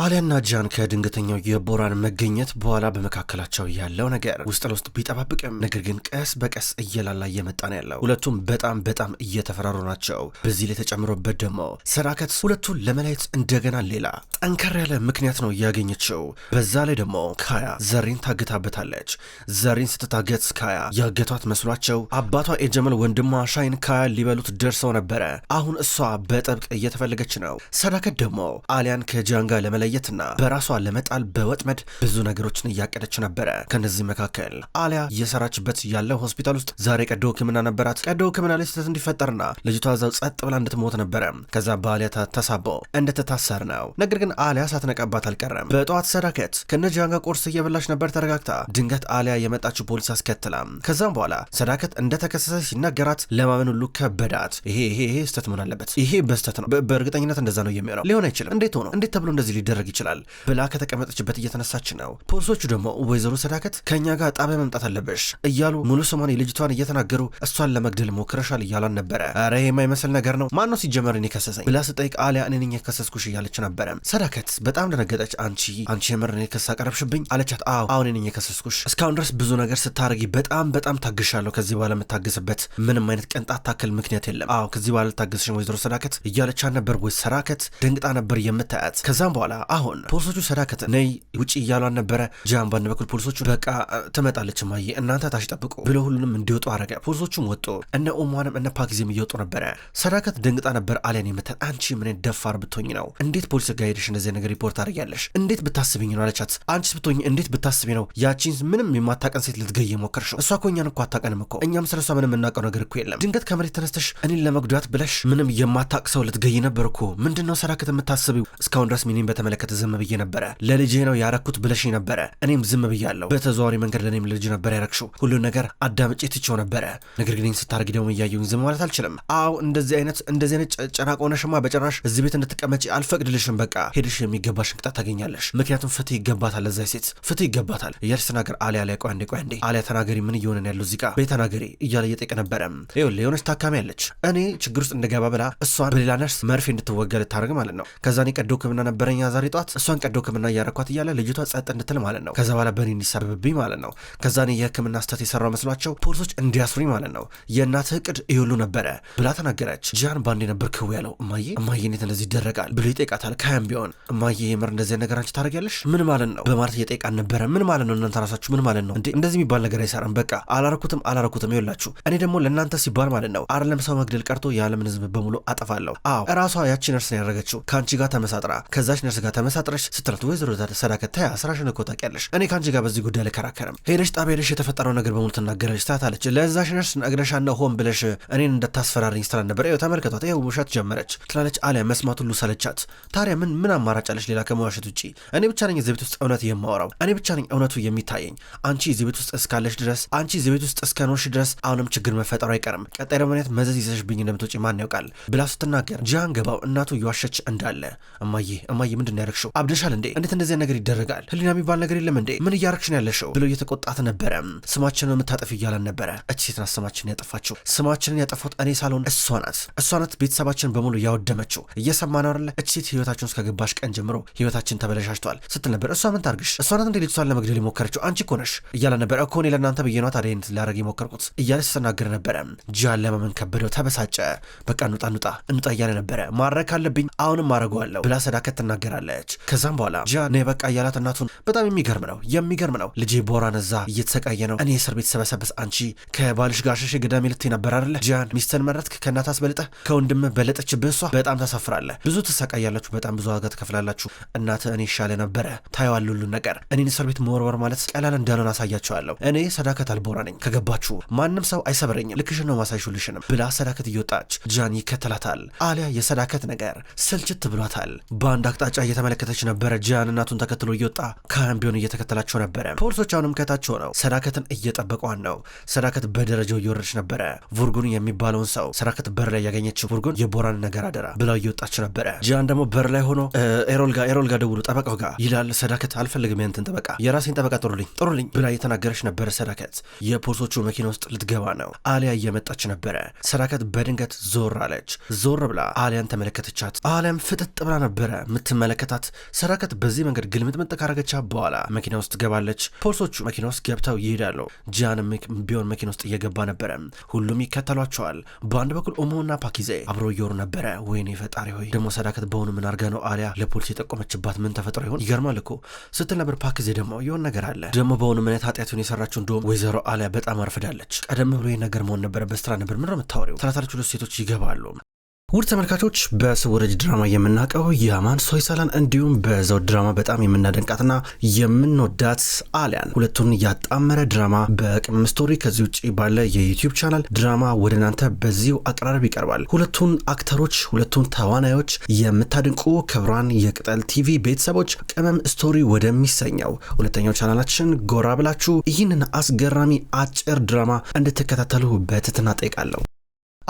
አሊያና ጃን ከድንገተኛው የቦራን መገኘት በኋላ በመካከላቸው ያለው ነገር ውስጥ ለውስጥ ቢጠባብቅም ነገር ግን ቀስ በቀስ እየላላ እየመጣ ነው ያለው። ሁለቱም በጣም በጣም እየተፈራሩ ናቸው። በዚህ ላይ ተጨምሮበት ደግሞ ሰዳከት ሁለቱን ለመለየት እንደገና ሌላ ጠንከር ያለ ምክንያት ነው ያገኘችው። በዛ ላይ ደግሞ ካያ ዘሪን ታግታበታለች። ዘሪን ስትታገት ካያ ያገቷት መስሏቸው አባቷ የጀመል ወንድሟ ሻይን ካያ ሊበሉት ደርሰው ነበረ። አሁን እሷ በጥብቅ እየተፈለገች ነው። ሰዳከት ደግሞ አሊያን ከጂያን ጋር ለመለየትና በራሷ ለመጣል በወጥመድ ብዙ ነገሮችን እያቀደች ነበረ። ከነዚህ መካከል አሊያ እየሰራችበት ያለው ሆስፒታል ውስጥ ዛሬ ቀዶ ሕክምና ነበራት። ቀዶ ሕክምና ላይ ስህተት እንዲፈጠርና ልጅቷ እዛው ጸጥ ብላ እንድትሞት ነበረ። ከዛ በአሊያ ተሳቦ እንድትታሰር ነው። ነገር ግን አሊያ ሳትነቃባት አልቀረም። በጠዋት ሰዳከት ከነጃንጋ ቁርስ እየበላች ነበር ተረጋግታ። ድንገት አሊያ የመጣችው ፖሊስ አስከትላ ከዛም በኋላ ሰዳከት እንደተከሰሰ ሲናገራት ለማመን ሁሉ ከበዳት። ይሄ ይሄ ይሄ ስህተት መሆን አለበት። ይሄ በስህተት ነው። በእርግጠኝነት እንደዛ ነው የሚሆነው። ሊሆን አይችልም። እንዴት ሆኖ እንዴት ተብሎ እንደዚህ ሊደ ሊደረግ ይችላል ብላ ከተቀመጠችበት እየተነሳች ነው። ፖሊሶቹ ደግሞ ወይዘሮ ሰዳከት ከእኛ ጋር ጣቢያ መምጣት አለበሽ እያሉ ሙሉ ስሟን ልጅቷን እየተናገሩ እሷን ለመግደል ሞክረሻል እያሏን ነበረ። ኧረ የማይመስል ነገር ነው ማነው ሲጀመር እኔ ከሰሰኝ ብላ ስጠይቅ አሊያ እኔ ነኝ የከሰስኩሽ እያለች ነበረ። ሰዳከት በጣም ደነገጠች። አንቺ አንቺ የምር እኔ ክስ አቀረብሽብኝ አለቻት። አዎ አሁን እኔ ነኝ የከሰስኩሽ እስካሁን ድረስ ብዙ ነገር ስታደርጊ በጣም በጣም ታግሻለሁ። ከዚህ በኋላ የምታግስበት ምንም አይነት ቀንጣት ታክል ምክንያት የለም። አዎ ከዚህ በኋላ ልታግስሽን ወይዘሮ ሰዳከት እያለቻት ነበር። ወይ ሰራከት ደንግጣ ነበር የምታያት። ከዛም በኋላ አሁን ፖሊሶቹ ሰዳከተ ነይ ውጭ እያሏን ነበረ። ጃን ባንድ በኩል ፖሊሶቹ በቃ ትመጣለች ማየ እናንተ ታች ጠብቁ ብሎ ሁሉንም እንዲወጡ አረገ። ፖሊሶቹም ወጡ። እነ ኡሟንም እነ ፓክዚም እየወጡ ነበረ። ሰዳከት ደንግጣ ነበር። አሊያን የምትል አንቺ ምን ደፋር ብትሆኝ ነው እንዴት ፖሊስ ጋር ሄደሽ እንደዚህ ነገር ሪፖርት አድርጊያለሽ? እንዴት ብታስብኝ ነው አለቻት። አንቺስ ብትሆኝ እንዴት ብታስቢ ነው ያቺን ምንም የማታቀን ሴት ልትገይ ሞከርሽ? እሷ እኮ እኛን እኮ አታቀንም እኮ እኛም ስለሷ ምንም የምናውቀው ነገር እኮ የለም። ድንገት ከመሬት ተነስተሽ እኔን ለመጉዳት ብለሽ ምንም የማታቅ ሰው ልትገይ ነበር እኮ ምንድን ነው ሰዳከት የምታስቢው? እስካሁን ድረስ ሚኒን በተመለ ስመለከት ዝም ብዬ ነበረ። ለልጄ ነው ያረኩት ብለሽ ነበረ፣ እኔም ዝም ብያለሁ። በተዘዋዋሪ መንገድ ለእኔም ልጅ ነበር ያረግሽው። ሁሉን ነገር አዳምጬ ትቼው ነበረ። ነገር ግን ስታደርጊ ደግሞ እያየሁኝ ዝም ማለት አልችልም። አዎ እንደዚህ አይነት እንደዚህ አይነት ጨናቅ ሆነሽማ በጭራሽ እዚህ ቤት እንድትቀመጪ አልፈቅድልሽም። በቃ ሄድሽ የሚገባሽን ቅጣት ታገኛለሽ። ምክንያቱም ፍትህ ይገባታል፣ ለዛ ሴት ፍትህ ይገባታል እያልሽ ተናገር። አሊያ ላይ ቆይ አንዴ ቆይ አንዴ አሊያ ተናገሪ፣ ምን እየሆነን ያለው እዚህ ጋር ተናገሪ እያለ እየጠየቀ ነበረ። ይኸውልህ የሆነች ታካሚ አለች፣ እኔ ችግር ውስጥ እንደገባ ብላ እሷን በሌላ ነርስ መርፌ እንድትወገል ታደርግ ማለት ነው። ከዛኔ ቀዶ ሕክምና ነበረኝ ዛ ዛሬ ጠዋት እሷን ቀዶ ህክምና እያረኳት እያለ ልጅቷ ጸጥ እንድትል ማለት ነው። ከዛ በኋላ በእኔ እንዲሳብብብኝ ማለት ነው። ከዛ እኔ የህክምና ስህተት የሰራው መስሏቸው ፖሊሶች እንዲያስሩኝ ማለት ነው። የእናትህ እቅድ ይህ ነበረ ብላ ተናገረች። ጂያን ባንዴ ነበር ክው ያለው። እማዬ እማዬ እንዴት እንደዚህ ይደረጋል ብሎ ይጠይቃታል። ከያም ቢሆን እማዬ የምር እንደዚህ ነገር አንቺ ታደርጊያለሽ ምን ማለት ነው በማለት እየጠይቃን ነበረ። ምን ማለት ነው እናንተ ራሳችሁ ምን ማለት ነው እንዴ? እንደዚህ የሚባል ነገር አይሰራም። በቃ አላረኩትም አላረኩትም። ይኸውላችሁ እኔ ደግሞ ለእናንተ ሲባል ማለት ነው አይደለም ሰው መግደል ቀርቶ የዓለምን ህዝብ በሙሉ አጠፋለሁ። አዎ እራሷ ያቺ ነርስ ነው ያደረገችው። ከአንቺ ጋር ተመሳጥራ ከዛች ነርስ ጋር ተመሳጥረሽ ስትላት ወይዘሮ ሰዳከት ታይ ስራሽን እኮ ታውቂያለሽ፣ እኔ ከአንቺ ጋር በዚህ ጉዳይ ልከራከርም። ሄደሽ ጣቢያ ሄደሽ የተፈጠረው ነገር በሙሉ ትናገረች አለች። ለዛሽ ነርስ ነግረሻና ሆን ብለሽ እኔን እንዳታስፈራርኝ ስራ ነበር። ይኸው ተመልከቷት፣ ይኸው ውሸት ጀመረች ትላለች። አሊያ መስማት ሁሉ ሰለቻት። ታዲያ ምን ምን አማራጭ አለሽ ሌላ ከመዋሸት ውጪ? እኔ ብቻ ነኝ እዚህ ቤት ውስጥ እውነት የማወራው፣ እኔ ብቻ ነኝ እውነቱ የሚታየኝ። አንቺ እዚህ ቤት ውስጥ እስካለሽ ድረስ፣ አንቺ እዚህ ቤት ውስጥ እስከኖርሽ ድረስ አሁንም ችግር መፈጠሩ አይቀርም። ቀጣይ ለመንያት መዘዝ ይዘሽ ብኝ እንደምትወጪ ማን ያውቃል ብላ ስትናገር ጂያን ገባው እናቱ እየዋሸች እንዳለ እማዬ እማዬ ምንድን ያረግሽው? አብደሻል እንዴ? እንዴት እንደዚህ ነገር ይደረጋል? ህሊና የሚባል ነገር የለም እንዴ? ምን እያረግሽ ነው ያለሽው? ብሎ እየተቆጣት ነበረ። ስማችን ነው የምታጠፍ እያለን ነበረ። እች ሴት ናት ስማችንን ያጠፋችው። ስማችንን ያጠፉት እኔ ሳልሆን እሷ ናት። እሷ ናት ቤተሰባችን በሙሉ ያወደመችው። እየሰማ ነው አለ። እች ሴት ህይወታችን ውስጥ ከገባሽ ቀን ጀምሮ ህይወታችን ተበለሻሽቷል ስትል ነበር። እሷ ምን ታርግሽ? እሷ ናት እንዴ ልጅቷን ለመግደል የሞከረችው? አንቺ እኮ ነሽ እያለ ነበረ። እኮ እኔ ለእናንተ ብዬ ነዋ ታዲያ ይሄን ላደርግ የሞከርኩት እያለ ስትናገር ነበረ። ጃን ለማመን ከበደው፣ ተበሳጨ። በቃ እንውጣ እንውጣ እንውጣ እያለ ነበረ። ማድረግ ካለብኝ አሁንም አደርገዋለሁ ብላ ሰዳከት ትናገራለች። ትነግራታለች። ከዛም በኋላ ጂያን በቃ እያላት እናቱን በጣም የሚገርም ነው የሚገርም ነው ልጄ ቦራን እዛ እየተሰቃየ ነው፣ እኔ እስር ቤት ሰበሰብስ አንቺ ከባልሽ ጋር ሸሽ ገዳሜ ልትይ ነበር አለ ጃን። ሚስተን መረጥክ፣ ከእናት አስበልጠህ ከወንድም በለጠችብህ። እሷ በጣም ታሳፍራለህ፣ ብዙ ትሰቃያላችሁ፣ በጣም ብዙ ዋጋ ትከፍላላችሁ። እናት እኔ ይሻለ ነበረ ታየዋል፣ ሁሉን ነገር እኔን እስር ቤት መወርወር ማለት ቀላል እንዳልሆን አሳያቸዋለሁ። እኔ ሰዳከት አልቦራ ነኝ፣ ከገባችሁ ማንም ሰው አይሰብረኝም፣ ልክሽን ነው ማሳይሹልሽንም ብላ ሰዳከት እየወጣች ጃን ይከተላታል። አሊያ የሰዳከት ነገር ስልችት ብሏታል። በአንድ አቅጣጫ እየተመለከተች ነበረ። ጃን እናቱን ተከትሎ እየወጣ ካምቢዮን ቢሆን እየተከተላቸው ነበረ። ፖሊሶች አሁንም ከታቸው ነው። ሰዳከትን እየጠበቋን ነው። ሰዳከት በደረጃው እየወረደች ነበረ። ቡርጉን የሚባለውን ሰው ሰዳከት በር ላይ ያገኘችው ቡርጉን የቦራን ነገር አደራ ብለው እየወጣች ነበረ። ጃን ደግሞ በር ላይ ሆኖ ኤሮል ጋ ኤሮል ጋ ደውሉ ጠበቃው ጋር ይላል። ሰዳከት አልፈልግም ያንተን ጠበቃ፣ የራሴን ጠበቃ ጥሩልኝ፣ ጥሩልኝ ብላ እየተናገረች ነበረ። ሰዳከት የፖሊሶቹ መኪና ውስጥ ልትገባ ነው። አሊያ እየመጣች ነበረ። ሰዳከት በድንገት ዞር አለች። ዞር ብላ አሊያን ተመለከተቻት። አሊያም ፍጥጥ ብላ ነበረ ምትመለከ ስትመለከታት ሰራከት በዚህ መንገድ ግልምጥምጥ ካረገቻ በኋላ መኪና ውስጥ ትገባለች። ፖሊሶቹ መኪና ውስጥ ገብተው ይሄዳሉ። ጂያንም ቢሆን መኪና ውስጥ እየገባ ነበረ። ሁሉም ይከተሏቸዋል። በአንድ በኩል ኦሞና ፓኪዜ አብሮ እየወሩ ነበረ። ወይኔ ፈጣሪ ሆይ ደግሞ ሰዳከት በሆኑ ምን አርጋ ነው አሊያ ለፖሊስ የጠቆመችባት? ምን ተፈጥሮ ይሆን? ይገርማል እኮ ስትል ነበር። ፓኪዜ ደግሞ የሆን ነገር አለ ደግሞ በሆኑ ምነት ኃጢአቱን የሰራችው እንደሁም ወይዘሮ አሊያ በጣም አርፍዳለች። ቀደም ብሎ ይህ ነገር መሆን ነበረ። በስራ ነበር ምን ነው የምታወሪው? ትላታለች። ሁለት ሴቶች ይገባሉ። ውድ ተመልካቾች በስውር እጅ ድራማ የምናውቀው ያማን ሶይሳላን እንዲሁም በዘውድ ድራማ በጣም የምናደንቃትና የምንወዳት አሊያን ሁለቱን ያጣመረ ድራማ በቅመም ስቶሪ ከዚህ ውጭ ባለ የዩቲዩብ ቻናል ድራማ ወደ እናንተ በዚሁ አቀራረብ ይቀርባል። ሁለቱን አክተሮች፣ ሁለቱን ተዋናዮች የምታደንቁ ክብሯን የቅጠል ቲቪ ቤተሰቦች ቅመም ስቶሪ ወደሚሰኘው ሁለተኛው ቻናላችን ጎራ ብላችሁ ይህንን አስገራሚ አጭር ድራማ እንድትከታተሉ በትህትና ጠይቃለሁ።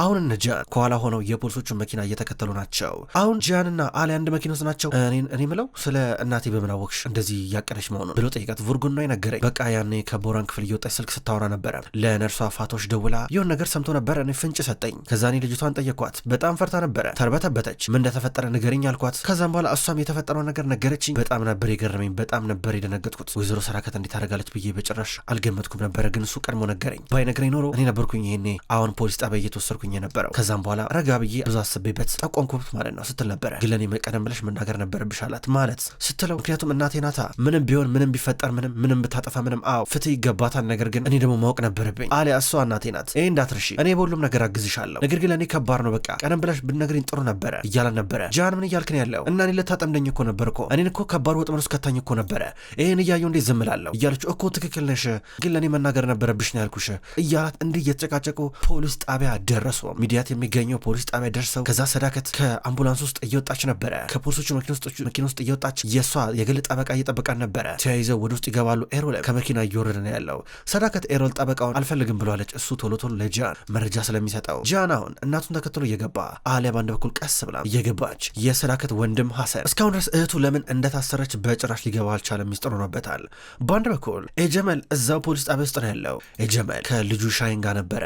አሁን እነ ጃን ከኋላ ሆነው የፖሊሶቹን መኪና እየተከተሉ ናቸው። አሁን ጃንና አሊ አንድ መኪና ውስጥ ናቸው። እኔ ምለው ስለ እናቴ በምን አወቅሽ እንደዚህ ያቀደች መሆኑን ብሎ ጠይቀት፣ ቡርጉና ነገረኝ። በቃ ያኔ ከቦራን ክፍል እየወጣች ስልክ ስታወራ ነበረ። ለነርሷ ፋቶች ደውላ ይሁን ነገር ሰምቶ ነበረ። እኔ ፍንጭ ሰጠኝ። ከዛ እኔ ልጅቷን ጠየኳት። በጣም ፈርታ ነበረ፣ ተርበተበተች። ምን እንደተፈጠረ ንገርኝ አልኳት። ከዛም በኋላ እሷም የተፈጠረውን ነገር ነገረችኝ። በጣም ነበር የገረመኝ፣ በጣም ነበር የደነገጥኩት። ወይዘሮ ሰራከት እንዴት አደርጋለች ብዬ በጭራሽ አልገመትኩም ነበረ። ግን እሱ ቀድሞ ነገረኝ። ባይነግረኝ ኖሮ እኔ ነበርኩኝ ይሄኔ አሁን ፖሊስ ጣቢያ እየተወሰድኩ እያልኩኝ የነበረው። ከዛም በኋላ ረጋ ብዬ ብዙ አስቤበት ጠቆምኩበት ማለት ነው ስትል ነበረ። ግን ለእኔ መቀደም ብለሽ መናገር ነበረብሽ አላት ማለት ስትለው፣ ምክንያቱም እናቴ ናታ ምንም ቢሆን ምንም ቢፈጠር ምንም ምንም ብታጠፋ ምንም አዎ ፍትህ ይገባታል። ነገር ግን እኔ ደግሞ ማወቅ ነበረብኝ አሊያ እሷ እናቴ ናት። ይሄ እንዳትርሺ፣ እኔ በሁሉም ነገር አግዝሻለሁ። ነገር ግን ለእኔ ከባድ ነው። በቃ ቀደም ብለሽ ብትነግሪኝ ጥሩ ነበረ እያለን ነበረ። ጃን ምን እያልክን ያለው እና እኔ ልታጠምደኝ እኮ ነበር እኮ እኔን እኮ ከባድ ወጥመድ ውስጥ ከታኝ እኮ ነበረ። ይህን እያየሁ እንዴት ዝም እላለሁ እያለች እኮ ትክክል ነሽ፣ ግን ለእኔ መናገር ነበረብሽ ነው ያልኩሽ እያላት እንዲህ እየተጨቃጨቁ ፖሊስ ጣቢያ ደረሱ። አልደረሱም። ሚዲያት የሚገኘው ፖሊስ ጣቢያ ደርሰው ከዛ ሰዳከት ከአምቡላንስ ውስጥ እየወጣች ነበረ። ከፖሊሶች መኪና ውስጥ እየወጣች የእሷ የግል ጠበቃ እየጠበቃን ነበረ። ተያይዘው ወደ ውስጥ ይገባሉ። ኤሮል ከመኪና እየወረደ ነው ያለው። ሰዳከት ኤሮል ጠበቃውን አልፈልግም ብለዋለች። እሱ ቶሎ ቶሎ ለጃን መረጃ ስለሚሰጠው ጃን አሁን እናቱን ተከትሎ እየገባ አሊያ በአንድ በኩል ቀስ ብላ እየገባች የሰዳከት ወንድም ሀሰን እስካሁን ድረስ እህቱ ለምን እንደታሰረች በጭራሽ ሊገባ አልቻለም። ሚስጥር ሆኖበታል። በአንድ በኩል ኤጀመል እዛው ፖሊስ ጣቢያ ውስጥ ነው ያለው። ኤጀመል ከልጁ ሻይን ጋር ነበረ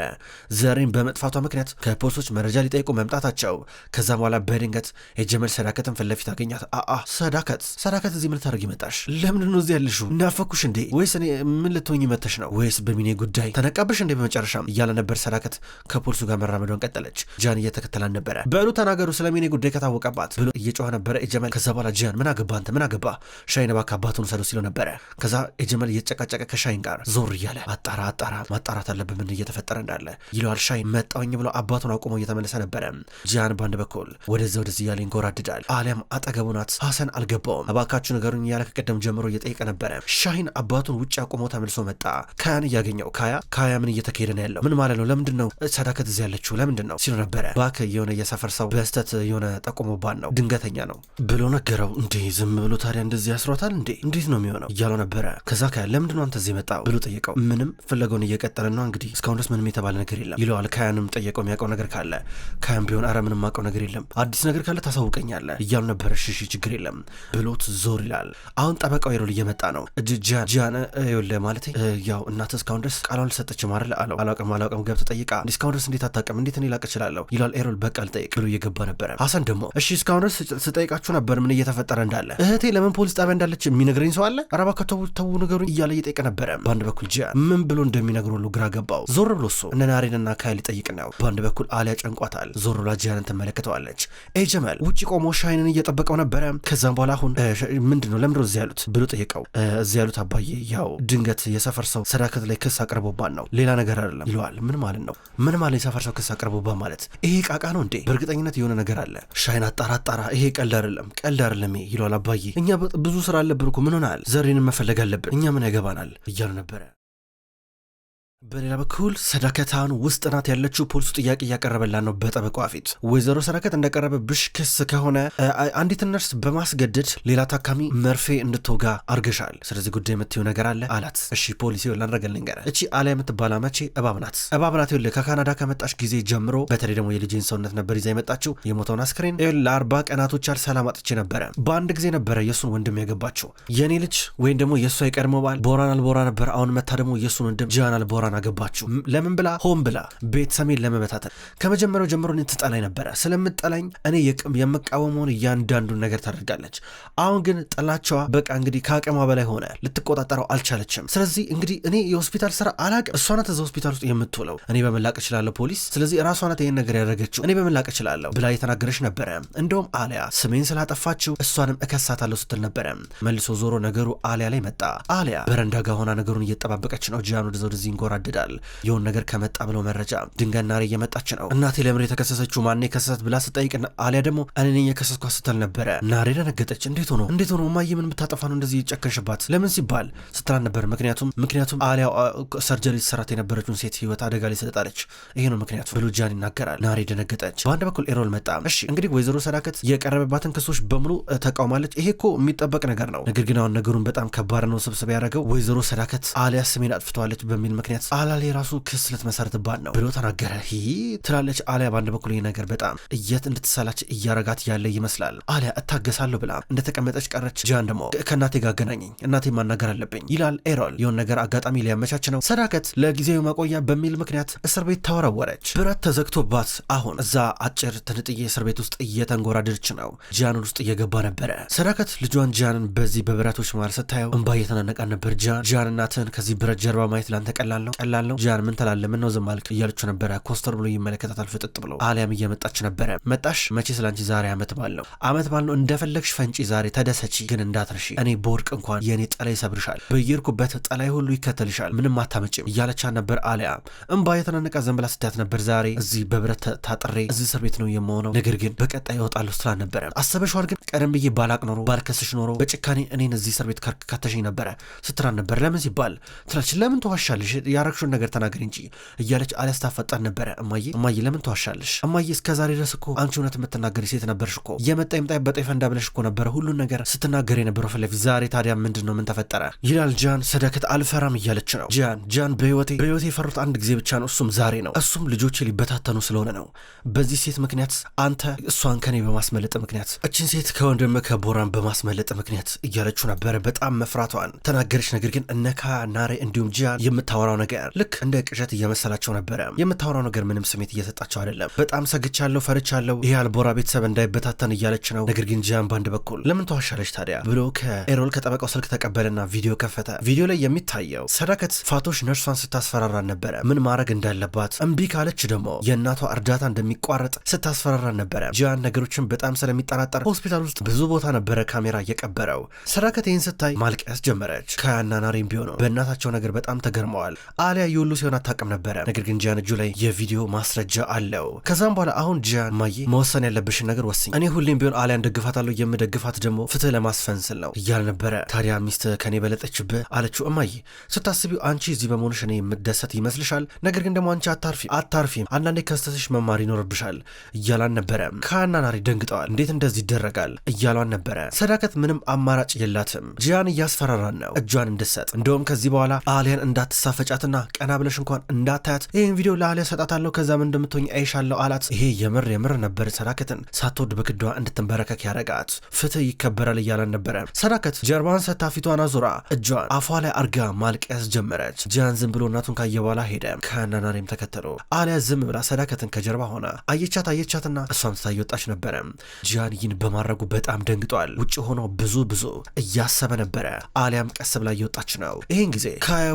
ዘሬን በመጥፋቷ ምክንያት ምክንያት ከፖሊሶች መረጃ ሊጠይቁ መምጣታቸው። ከዛ በኋላ በድንገት የጀመል ሰዳከትን ፊት ለፊት አገኛት። አአ ሰዳከት፣ ሰዳከት እዚህ ምን ታደርጊ መጣሽ? ለምንድን ነው እዚህ ያለሽው? እናፈኩሽ እንዴ? ወይስ እኔ ምን ልትሆኝ መተሽ ነው? ወይስ በሚኔ ጉዳይ ተነቃብሽ እንዴ? በመጨረሻም እያለ ነበር። ሰዳከት ከፖሊሱ ጋር መራመዷን ቀጠለች። ጃን እየተከተላን ነበረ። በሉ ተናገሩ ስለ ሚኔ ጉዳይ ከታወቀባት ብሎ እየጮኸ ነበረ የጀመል። ከዛ በኋላ ጃን ምን አገባ አንተ ምን አገባ? ሻይን እባክህ አባቱን ሰዶ ሲለው ነበረ። ከዛ የጀመል እየተጨቃጨቀ ከሻይን ጋር ዞር እያለ አጣራ አጣራ ማጣራት አለብን ምን እየተፈጠረ እንዳለ ይለዋል። ሻይን መጣውኝ ብሎ ብሎ አባቱን አቁሞ እየተመለሰ ነበረ። ጂያን በአንድ በኩል ወደዚ ወደዚህ እያለ ይንጎራድዳል። አሊያም አጠገቡ ናት። ሀሰን አልገባውም። እባካችሁ ነገሩን እያለ ከቀደም ጀምሮ እየጠየቀ ነበረ። ሻሂን አባቱን ውጭ አቁሞ ተመልሶ መጣ። ካያን እያገኘው ካያ ካያ ምን እየተካሄደ ነው ያለው? ምን ማለት ነው? ለምንድን ነው ሰዳከት እዚህ ያለችው? ለምንድን ነው ሲሉ ነበረ። ባክ የሆነ የሰፈር ሰው በስተት የሆነ ጠቁሞባን ነው ድንገተኛ ነው ብሎ ነገረው። እንዴ ዝም ብሎ ታዲያ እንደዚህ ያስሯታል እንዴ? እንዴት ነው የሚሆነው እያለው ነበረ። ከዛ ካያ ለምንድን ነው አንተ እዚህ መጣ ብሎ ጠየቀው። ምንም ፍለገውን እየቀጠለ ነው እንግዲህ እስካሁን ድረስ ምንም የተባለ ነገር የለም ይለዋል። ካያንም ጠየቀው የምታውቀው የሚያውቀው ነገር ካለ ከም ቢሆን አረ ምንም የማውቀው ነገር የለም አዲስ ነገር ካለ ታሳውቀኛለ እያሉ ነበረ። ሽሽ ችግር የለም ብሎት ዞር ይላል። አሁን ጠበቃው የሮል እየመጣ ነው። ጃን ወለ ማለት ያው እናት እስካሁን ድረስ ቃሏን ልሰጠችም አይደል አለው። አላውቅም አላውቅም ገብተ ጠይቃ እስካሁን ድረስ እንዴት አታውቅም እንዴት እኔ ላቅ እችላለሁ ይላል ኤሮል። በቃል ጠይቅ ብሎ እየገባ ነበረ። ሀሰን ደግሞ እሺ እስካሁን ድረስ ስጠይቃችሁ ነበር ምን እየተፈጠረ እንዳለ እህቴ ለምን ፖሊስ ጣቢያ እንዳለች የሚነግረኝ ሰው አለ አረባ ከተቡ ተው ተው እያለ እየጠየቀ ነበረ። በአንድ በኩል ጃን ምን ብሎ እንደሚነግሩ ሁሉ ግራ ገባው። ዞር ብሎ እሱ እነ ናሬንና ካይል ይጠይቅ ነው በአንድ በኩል አሊያ ጨንቋታል። ዞር ብላ ጂያንን ትመለከተዋለች። ኤጀመል ውጭ ቆሞ ሻይንን እየጠበቀው ነበረ። ከዛም በኋላ አሁን ምንድን ነው ለምንድነው እዚህ ያሉት ብሎ ጠየቀው። እዚህ ያሉት አባዬ፣ ያው ድንገት የሰፈር ሰው ሰዳከት ላይ ክስ አቅርቦባን ነው ሌላ ነገር አይደለም ይለዋል። ምን ማለት ነው? ምን ማለት የሰፈር ሰው ክስ አቅርቦባን ማለት ይሄ ቃቃ ነው እንዴ? በእርግጠኝነት የሆነ ነገር አለ። ሻይን አጣራ አጣራ፣ ይሄ ቀልድ አይደለም ቀልድ አይደለም ይለዋል። አባዬ፣ እኛ ብዙ ስራ አለብን እኮ ምን ሆናል? ዘሬንን መፈለግ አለብን እኛ ምን ያገባናል እያሉ ነበረ። በሌላ በኩል ሰዳከታን ውስጥ ናት ያለችው። ፖሊሱ ጥያቄ እያቀረበላ ነው በጠበቋ ፊት። ወይዘሮ ሰዳከት እንደቀረበ ብሽ ክስ ከሆነ አንዲት ነርስ በማስገደድ ሌላ ታካሚ መርፌ እንድትወጋ አርገሻል። ስለዚህ ጉዳይ የምትይው ነገር አለ አላት። እሺ ፖሊሲ ይወላ ልንገረ እቺ አሊያ የምትባል አማቼ እባብ ናት። እባብ ናት ይኸውልህ፣ ከካናዳ ከመጣሽ ጊዜ ጀምሮ በተለይ ደግሞ የልጅን ሰውነት ነበር ይዛ የመጣችው። የሞተውን አስክሬን ለአርባ ቀናቶች ያህል ሰላም አጥቼ ነበረ። በአንድ ጊዜ ነበረ የእሱን ወንድም ያገባችው የኔ ልጅ ወይም ደግሞ የእሷ የቀድሞ ባል ቦራን አልቦራ ነበር። አሁን መታ ደግሞ የእሱን ወንድም ጃን አልቦራ ራን አገባችሁ። ለምን ብላ ሆን ብላ ቤት ሰሜን ለመበታተን ከመጀመሪያው ጀምሮ እኔ ትጠላኝ ነበረ። ስለምጠላኝ እኔ የምቃወመውን እያንዳንዱን ነገር ታደርጋለች። አሁን ግን ጥላቸዋ በቃ እንግዲህ ከአቅሟ በላይ ሆነ፣ ልትቆጣጠረው አልቻለችም። ስለዚህ እንግዲህ እኔ የሆስፒታል ስራ አላቅም። እሷ ናት እዛ ሆስፒታል ውስጥ የምትውለው። እኔ በመላቅ እችላለሁ ፖሊስ። ስለዚህ እራሷ ናት ይህን ነገር ያደረገችው። እኔ በመላቅ እችላለሁ ብላ የተናገረች ነበረ። እንደውም አሊያ ስሜን ስላጠፋችው እሷንም እከሳታለሁ ስትል ነበረ። መልሶ ዞሮ ነገሩ አሊያ ላይ መጣ። አሊያ በረንዳ ጋ ሆና ነገሩን እየጠባበቀች ነው። ጂያን ወደዛ ወደዚህ እንጎራ ያናድዳል። የሆን ነገር ከመጣ ብለው መረጃ ድንጋይ ናሬ እየመጣች ነው። እናቴ ለምን የተከሰሰችው ማን የከሰሰት ብላ ስጠይቅና አሊያ ደግሞ እኔ ነኝ የከሰስኳት ስትል ነበረ። ናሬ ደነገጠች። እንዴት ሆኖ እንዴት ሆኖ እማዬ ምን ብታጠፋ ነው እንደዚህ የጨከንሽባት ለምን ሲባል ስትላን ነበር። ምክንያቱም ምክንያቱም አሊያ ሰርጀሪ ሰራት የነበረችውን ሴት ህይወት አደጋ ላይ ስለጣለች ይሄ ነው ምክንያቱ ብሎ ጃን ይናገራል። ናሬ ደነገጠች። በአንድ በኩል ኤሮል መጣ። እሺ እንግዲህ ወይዘሮ ሰዳከት የቀረበባትን ክሶች በሙሉ ተቃውማለች። ይሄ እኮ የሚጠበቅ ነገር ነው። ነገር ግን አሁን ነገሩን በጣም ከባድ ነው ስብስብ ያደረገው ወይዘሮ ሰዳከት አሊያ ስሜን አጥፍተዋለች በሚል ምክንያት አላ አላሌ ራሱ ክስ ልትመሰርትባት ነው ብሎ ተናገረ። ይህ ትላለች አሊያ። በአንድ በኩል ይህ ነገር በጣም እየት እንድትሰላች እያረጋት ያለ ይመስላል። አሊያ እታገሳለሁ ብላ እንደተቀመጠች ቀረች። ጃን ደሞ ከእናቴ ጋር አገናኘኝ፣ እናቴ ማናገር አለብኝ ይላል። ኤሮል የሆን ነገር አጋጣሚ ሊያመቻች ነው። ሰዳከት ለጊዜያዊ ማቆያ በሚል ምክንያት እስር ቤት ተወረወረች። ብረት ተዘግቶባት አሁን እዛ አጭር ትንጥዬ እስር ቤት ውስጥ እየተንጎራደደች ነው። ጃንን ውስጥ እየገባ ነበረ። ሰዳከት ልጇን ጃንን በዚህ በብረቶች መሃል ስታየው እንባ እየተናነቃ ነበር። ጃን ጃን እናትን ከዚህ ብረት ጀርባ ማየት ላንተ ቀላል ነው ጠላለሁ ጃን ምን ተላለ ምን ነው ዝም አልክ እያለች ነበረ። ኮስተር ብሎ ይመለከታታል ፍጥጥ ብሎ። አሊያም እየመጣች ነበረ። መጣሽ መቼ ስላንቺ ዛሬ አመት ባል ነው አመት ባል ነው እንደፈለግሽ ፈንጪ ዛሬ ተደሰቺ፣ ግን እንዳትርሺ። እኔ በወርቅ እንኳን የእኔ ጠላይ ይሰብርሻል፣ በየርኩበት ጠላይ ሁሉ ይከተልሻል፣ ምንም አታመጪም እያለቻ ነበር። አሊያ እምባ የተናነቃ ዘንብላ ስዳት ነበር። ዛሬ እዚህ በብረት ታጥሬ እዚህ እስር ቤት ነው የመሆነው፣ ነገር ግን በቀጣይ እወጣለሁ ስላ ነበረ። አሰበሽዋል ግን ቀደም ብዬ ባላቅ ኖሮ ባልከስሽ ኖሮ በጭካኔ እኔን እዚህ እስር ቤት ከተሽኝ ነበረ ስትራን ነበር። ለምን ሲባል ትላለች። ለምን ተዋሻለሽ ያረግሽውን ነገር ተናገር እንጂ እያለች አሊያስታፈጣን ነበረ። እማዬ እማዬ ለምን ተዋሻለሽ? እማዬ እስከዛሬ ድረስ እኮ አንቺ እውነት የምትናገሪ ሴት ነበርሽ እኮ የመጣ ይምጣ በጠ ፈንዳ ብለሽ እኮ ነበረ ሁሉን ነገር ስትናገር የነበረው ፊት ዛሬ ታዲያ ምንድን ነው? ምን ተፈጠረ? ይላል ጃን። ሰዳከት አልፈራም እያለች ነው። ጃን ጃን በህይወቴ በህይወቴ የፈሩት አንድ ጊዜ ብቻ ነው፣ እሱም ዛሬ ነው። እሱም ልጆች ሊበታተኑ ስለሆነ ነው። በዚህ ሴት ምክንያት አንተ እሷን ከኔ በማስመለጥ ምክንያት እችን ሴት ከወንድም ከቦራን በማስመለጥ ምክንያት እያለችው ነበረ። በጣም መፍራቷን ተናገረች። ነገር ግን እነካ ናሬ እንዲሁም ጃን የምታወራው ነገር ነገር ልክ እንደ ቅዠት እየመሰላቸው ነበረ። የምታወራው ነገር ምንም ስሜት እየሰጣቸው አይደለም። በጣም ሰግቻለሁ፣ ፈርቻለሁ፣ ይሄ አልቦራ ቤተሰብ እንዳይበታተን እያለች ነው። ነገር ግን ጂያን በአንድ በኩል ለምን ተዋሻለች ታዲያ ብሎ ከኤሮል ከጠበቃው ስልክ ተቀበለና ቪዲዮ ከፈተ። ቪዲዮ ላይ የሚታየው ሰዳከት ፋቶሽ ነርሷን ስታስፈራራን ነበረ፣ ምን ማድረግ እንዳለባት እምቢ ካለች ደግሞ የእናቷ እርዳታ እንደሚቋረጥ ስታስፈራራን ነበረ። ጂያን ነገሮችን በጣም ስለሚጠራጠር ሆስፒታል ውስጥ ብዙ ቦታ ነበረ ካሜራ እየቀበረው። ሰዳከት ይህን ስታይ ማልቀስ ጀመረች። ካያና ናሬም ቢሆኑ በእናታቸው ነገር በጣም ተገርመዋል። አሊያ የሁሉ ሲሆን አታውቅም ነበረ። ነገር ግን ጃን እጁ ላይ የቪዲዮ ማስረጃ አለው። ከዛም በኋላ አሁን ጃን ማየ መወሰን ያለብሽን ነገር ወስኝ፣ እኔ ሁሌም ቢሆን አሊያን ደግፋታለሁ፣ የምደግፋት ደግሞ ፍትህ ለማስፈን ስል ነው እያል ነበረ። ታዲያ ሚስት ከኔ በለጠችብህ አለችው። እማዬ ስታስቢው አንቺ እዚህ በመሆንሽ እኔ የምደሰት ይመስልሻል? ነገር ግን ደግሞ አንቺ አታርፊ አታርፊም፣ አንዳንዴ ከስተትሽ መማር ይኖርብሻል እያላን ነበረ። ካና ናሬ ደንግጠዋል። እንዴት እንደዚህ ይደረጋል እያሏን ነበረ። ሰዳከት ምንም አማራጭ የላትም። ጂያን እያስፈራራን ነው እጇን እንድትሰጥ እንደውም ከዚህ በኋላ አሊያን እንዳትሳፈጫት እንዳታያትና ቀና ብለሽ እንኳን እንዳታያት ይህን ቪዲዮ ለአሊያ ሰጣታለሁ ከዛም እንደምትሆኝ አይሻለሁ አላት። ይሄ የምር የምር ነበር ሰዳከትን ሳትወድ በክዷ እንድትንበረከክ ያረጋት። ፍትህ ይከበራል እያለን ነበረ። ሰዳከት ጀርባን ሰታ ፊቷን አዙራ እጇን አፏ ላይ አርጋ ማልቀስ ጀመረች። ጃን ዝም ብሎ እናቱን ካየ በኋላ ሄደ። ከነናሬም ተከተሉ። አሊያ ዝም ብላ ሰዳከትን ከጀርባ ሆና አየቻት አየቻትና እሷም ስታ እየወጣች ነበረ። ጃን ይህን በማድረጉ በጣም ደንግጧል። ውጭ ሆኖ ብዙ ብዙ እያሰበ ነበረ። አሊያም ቀስ ብላ እየወጣች ነው። ይህን ጊዜ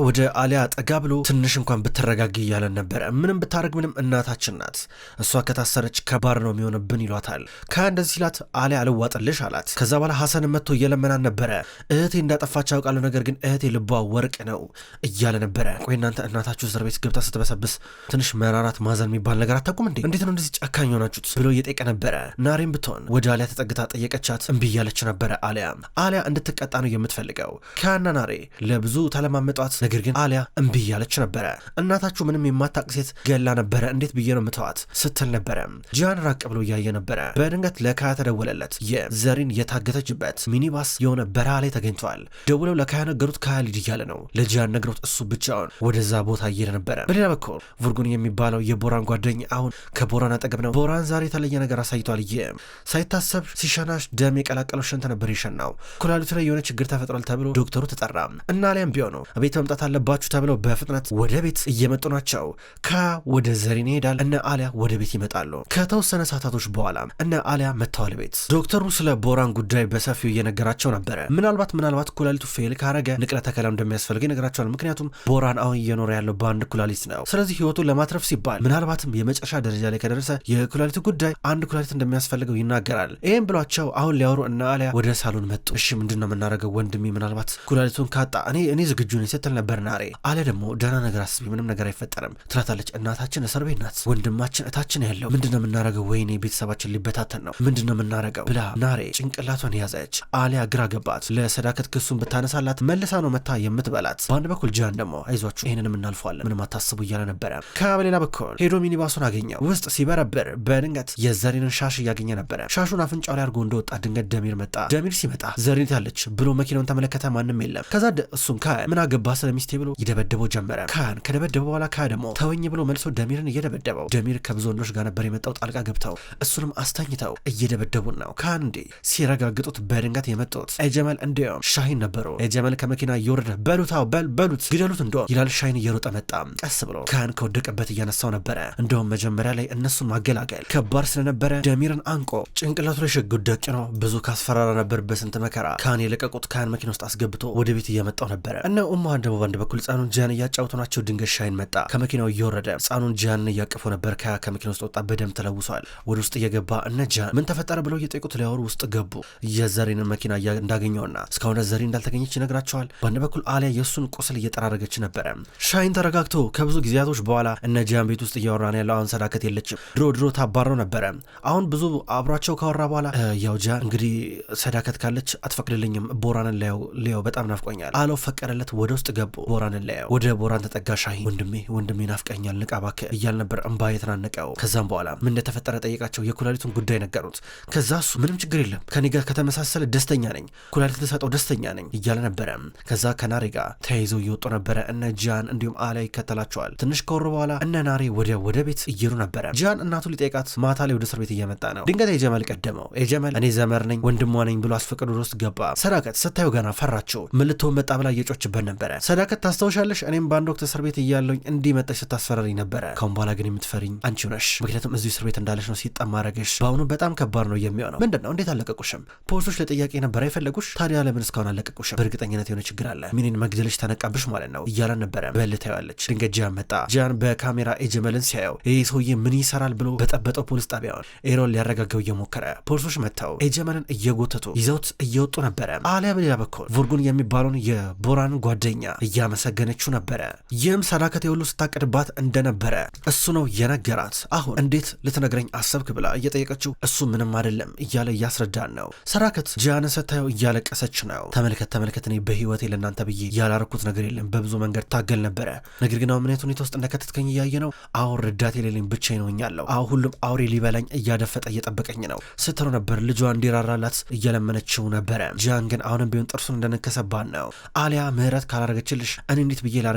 ወደ አሊያ ጠጋ ብሎ ትንሽ እንኳን ብትረጋግ እያለን ነበረ። ምንም ብታደረግ ምንም እናታችን ናት፣ እሷ ከታሰረች ከባድ ነው የሚሆንብን ይሏታል። ከያ እንደዚህ ሲላት አሊ አልዋጥልሽ አላት። ከዛ በኋላ ሐሰን መጥቶ እየለመናን ነበረ። እህቴ እንዳጠፋች አውቃለሁ፣ ነገር ግን እህቴ ልቧ ወርቅ ነው እያለ ነበረ። ቆይ እናንተ እናታችሁ እስር ቤት ገብታ ስትበሰብስ ትንሽ መራራት ማዘን የሚባል ነገር አታውቁም እንዴ? እንዴት ነው እንደዚህ ጨካኝ ሆናችሁት? ብሎ እየጠየቀ ነበረ። ናሬም ብትሆን ወደ አሊያ ተጠግታ ጠየቀቻት፣ እምቢ እያለች ነበረ። አሊያ አሊያ እንድትቀጣ ነው የምትፈልገው። ከያና ናሬ ለብዙ ተለማመጧት፣ ነገር ግን አሊያ እምቢ እያለች ነበረ። እናታችሁ ምንም የማታቅ ሴት ገላ ነበረ እንዴት ብዬ ነው ምተዋት ስትል ነበረ። ጂያን ራቅ ብሎ እያየ ነበረ። በድንገት ለካያ ተደወለለት። የዘሪን የታገተችበት ሚኒባስ የሆነ በረሃ ላይ ተገኝተዋል። ደውለው ለካያ ነገሩት። ካያ ሊድ እያለ ነው። ለጂያን ነግሮት እሱ ብቻውን ወደዛ ቦታ እየሄደ ነበረ። በሌላ በኩል ቡርጉን የሚባለው የቦራን ጓደኛ አሁን ከቦራን አጠገብ ነው። ቦራን ዛሬ የተለየ ነገር አሳይቷል። ይ ሳይታሰብ ሲሸናሽ ደም የቀላቀለው ሸንተ ነበር የሸናው። ኩላሊቱ ላይ የሆነ ችግር ተፈጥሯል ተብሎ ዶክተሩ ተጠራ እና ሊያም ቢሆኑ ቤት መምጣት አለባችሁ ተብለው በፍ በፍጥነት ወደ ቤት እየመጡ ናቸው። ካ ወደ ዘሪን ይሄዳል። እነ አሊያ ወደ ቤት ይመጣሉ። ከተወሰነ ሰዓታቶች በኋላ እነ አሊያ መጥተዋል ቤት። ዶክተሩ ስለ ቦራን ጉዳይ በሰፊው እየነገራቸው ነበረ። ምናልባት ምናልባት ኩላሊቱ ፌል ካረገ ንቅለ ተከላ እንደሚያስፈልገው ይነግራቸዋል። ምክንያቱም ቦራን አሁን እየኖረ ያለው በአንድ ኩላሊት ነው። ስለዚህ ህይወቱን ለማትረፍ ሲባል ምናልባትም የመጨረሻ ደረጃ ላይ ከደረሰ የኩላሊቱ ጉዳይ አንድ ኩላሊት እንደሚያስፈልገው ይናገራል። ይህም ብሏቸው አሁን ሊያወሩ እነ አሊያ ወደ ሳሎን መጡ። እሺ ምንድነው ነው የምናደርገው ወንድሜ? ምናልባት ኩላሊቱን ካጣ እኔ እኔ ዝግጁ ነኝ ስትል ነበር ናሬ። አሊያ ደግሞ ደህና ነገር አስቢ፣ ምንም ነገር አይፈጠርም ትላታለች። እናታችን እስር ቤት ናት፣ ወንድማችን እታችን ያለው ምንድነው የምናረገው? ወይኔ ቤተሰባችን ሊበታተን ነው፣ ምንድነው የምናረገው ብላ ናሬ ጭንቅላቷን ያዘች። አሊያ ግራ ገባት። ለሰዳከት ክሱን ብታነሳላት መልሳ ነው መታ የምትበላት። በአንድ በኩል ጃን ደግሞ አይዟችሁ፣ ይህንንም እናልፏለን፣ ምንም አታስቡ እያለ ነበረ። ከበሌላ በኩል ሄዶ ሚኒባሱን አገኘው። ውስጥ ሲበረብር በድንገት የዘሬንን ሻሽ እያገኘ ነበረ። ሻሹን አፍንጫው ላይ አድርጎ እንደወጣ ድንገት ደሚር መጣ። ደሚር ሲመጣ ዘሬን ያለች ብሎ መኪናውን ተመለከተ። ማንም የለም። ከዛ እሱም ከምን አገባ ስለሚስቴ ብሎ ይደበደበው ጀመረ። ካህን ከደበደበ በኋላ ካህ ደግሞ ተወኝ ብሎ መልሶ ደሚርን እየደበደበው ደሚር ከብዙ ወንዶች ጋር ነበር የመጣው ጣልቃ ገብተው እሱንም አስታኝተው እየደበደቡን ነው። ካህን እንዲህ ሲረጋግጡት በድንገት የመጡት ኤጀመል እንዲሁም ሻሂን ነበሩ። ኤጀመል ከመኪና እየወረደ በሉታው በል በሉት ግደሉት እንዶ ይላል። ሻሂን እየሮጠ መጣ። ቀስ ብሎ ካህን ከወደቀበት እያነሳው ነበረ። እንደውም መጀመሪያ ላይ እነሱን ማገላገል ከባድ ስለነበረ ደሚርን አንቆ ጭንቅላቱ ላይ ሽጉጥ ነው ብዙ ካስፈራራ ነበር በስንት መከራ። ካህን የለቀቁት ካህን መኪና ውስጥ አስገብቶ ወደ ቤት እየመጣው ነበረ እና ኡማ ደግሞ በአንድ በኩል ጻኑን ጃን እያ እያጫወቱ ናቸው። ድንገት ሻይን መጣ ከመኪናው እየወረደ ህፃኑን ጃን እያቀፈ ነበር። ከያ ከመኪና ውስጥ ወጣ፣ በደም ተለውሷል። ወደ ውስጥ እየገባ እነ ጃን ምን ተፈጠረ ብለው እየጠየቁት ሊያወሩ ውስጥ ገቡ። የዘሬንን መኪና እንዳገኘውና እስካሁን ዘሬ እንዳልተገኘች ይነግራቸዋል። በአንድ በኩል አሊያ የእሱን ቁስል እየጠራረገች ነበረ። ሻይን ተረጋግቶ ከብዙ ጊዜያቶች በኋላ እነ ጃን ቤት ውስጥ እያወራ ያለው። አሁን ሰዳከት የለችም። ድሮ ድሮ ታባረው ነበረ። አሁን ብዙ አብሯቸው ካወራ በኋላ ያው ጃን እንግዲህ ሰዳከት ካለች አትፈቅድልኝም፣ ቦራንን ሊያው በጣም ናፍቆኛል አለው። ፈቀደለት። ወደ ውስጥ ገቡ። ቦራንን ሊያው ወደ ቦራን ተጠጋ። ሻሂን ወንድሜ ወንድሜ ናፍቀኛል፣ ንቃ እባክህ እያል ነበር እምባ የተናነቀው። ከዛም በኋላ ምን እንደተፈጠረ ጠየቃቸው። የኩላሊቱን ጉዳይ ነገሩት። ከዛ እሱ ምንም ችግር የለም ከኔ ጋር ከተመሳሰለ ደስተኛ ነኝ፣ ኩላሊት ተሰጠው ደስተኛ ነኝ እያለ ነበረ። ከዛ ከናሬ ጋር ተያይዘው እየወጡ ነበረ። እነ ጂያን እንዲሁም አሊያ ይከተላቸዋል። ትንሽ ከወሩ በኋላ እነ ናሬ ወደ ወደ ቤት እየሩ ነበረ። ጂያን እናቱ ሊጠይቃት ማታ ላይ ወደ እስር ቤት እየመጣ ነው። ድንገት የጀመል ቀደመው። የጀመል እኔ ዘመር ነኝ ወንድሟ ነኝ ብሎ አስፈቅዶ ውስጥ ገባ። ሰዳከት ስታዩ ገና ፈራቸው። ምን መጣ ብላ እየጮችበት ነበረ። ሰዳከት ታስታውሻለሽ? እኔም በአንድ ወቅት እስር ቤት እያለኝ እንዲመጣች ስታስፈራሪ ነበረ። ካሁን በኋላ ግን የምትፈሪኝ አንቺ ነሽ። ምክንያቱም እዚሁ እስር ቤት እንዳለች ነው ሲጠማ ረገሽ። በአሁኑ በጣም ከባድ ነው የሚሆነው። ምንድን ነው? እንዴት አለቀቁሽም? ፖሊሶች ለጥያቄ ነበር አይፈለጉሽ? ታዲያ ለምን እስካሁን አለቀቁሽም? በእርግጠኝነት የሆነ ችግር አለ። ሚኒን መግደልሽ ተነቃብሽ ማለት ነው እያለ ነበረ። በል ታያለች። ድንገት ጃን መጣ። ጃን በካሜራ ኤጀመልን ሲያየው ይህ ሰውዬ ምን ይሰራል ብሎ በጠበጠው ፖሊስ ጣቢያውን ኤሮን ሊያረጋገው እየሞከረ ፖሊሶች መጥተው ኤጀመልን እየጎተቱ ይዘውት እየወጡ ነበረ። አሊያ በሌላ በኩል ቮርጉን የሚባለውን የቦራን ጓደኛ እያመሰገነችው ነበር። ነበረ። ይህም ሰዳከት የሁሉ ስታቅድባት እንደነበረ እሱ ነው የነገራት። አሁን እንዴት ልትነግረኝ አሰብክ ብላ እየጠየቀችው እሱ ምንም አይደለም እያለ እያስረዳን ነው። ሰዳከት ጂያንን ስታየው እያለቀሰች ነው። ተመልከት ተመልከት፣ እኔ በህይወቴ ለእናንተ ብዬ ያላረኩት ነገር የለም። በብዙ መንገድ ታገል ነበረ። ነገር ግን አሁን ምንያት ሁኔታ ውስጥ እንደከተትከኝ እያየ ነው። አሁን ረዳት የሌለኝ ብቻ ይነውኛለሁ። አሁን ሁሉም አውሬ ሊበላኝ እያደፈጠ እየጠበቀኝ ነው ስትለው ነበር። ልጇ እንዲራራላት እየለመነችው ነበረ። ጂያን ግን አሁንም ቢሆን ጥርሱን እንደነከሰባን ነው። አሊያ ምህረት ካላረገችልሽ እኔ እንዴት ብዬ ላረ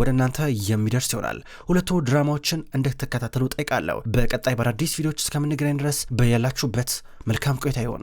ወደ እናንተ የሚደርስ ይሆናል። ሁለቱ ድራማዎችን እንድትከታተሉ ጠይቃለሁ። በቀጣይ በአዳዲስ ቪዲዮዎች እስከምንገናኝ ድረስ በያላችሁበት መልካም ቆይታ ይሆን።